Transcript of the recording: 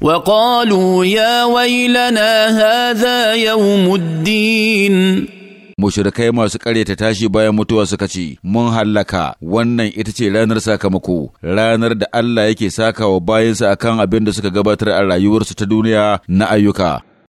وقالوا يا ويلنا هذا يوم الدين mushrikai masu karyata tashi bayan mutuwa suka ce mun hallaka wannan ita ce ranar sakamako ranar da Allah yake sakawa bayansa akan abin da suka gabatar a rayuwarsu ta duniya na ayyuka